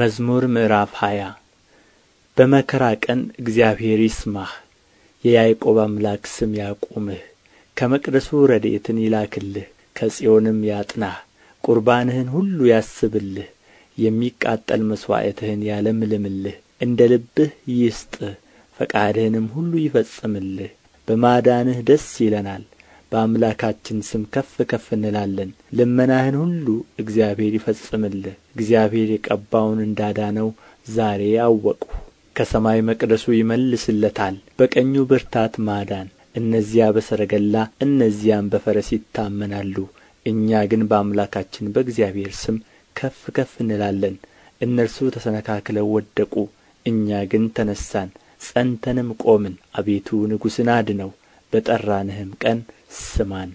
መዝሙር ምዕራፍ ሃያ በመከራ ቀን እግዚአብሔር ይስማህ የያዕቆብ አምላክ ስም ያቁምህ ከመቅደሱ ረድኤትን ይላክልህ ከጽዮንም ያጥናህ ቍርባንህን ሁሉ ያስብልህ የሚቃጠል መሥዋዕትህን ያለምልምልህ እንደ ልብህ ይስጥህ ፈቃድህንም ሁሉ ይፈጽምልህ በማዳንህ ደስ ይለናል በአምላካችን ስም ከፍ ከፍ እንላለን ልመናህን ሁሉ እግዚአብሔር ይፈጽምልህ እግዚአብሔር የቀባውን እንዳዳነው ዛሬ አወቁ። ከሰማይ መቅደሱ ይመልስለታል በቀኙ ብርታት ማዳን እነዚያ በሰረገላ እነዚያም በፈረስ ይታመናሉ እኛ ግን በአምላካችን በእግዚአብሔር ስም ከፍ ከፍ እንላለን እነርሱ ተሰነካክለው ወደቁ እኛ ግን ተነሳን ጸንተንም ቆምን አቤቱ ንጉሥን አድነው በጠራንህም ቀን ስማን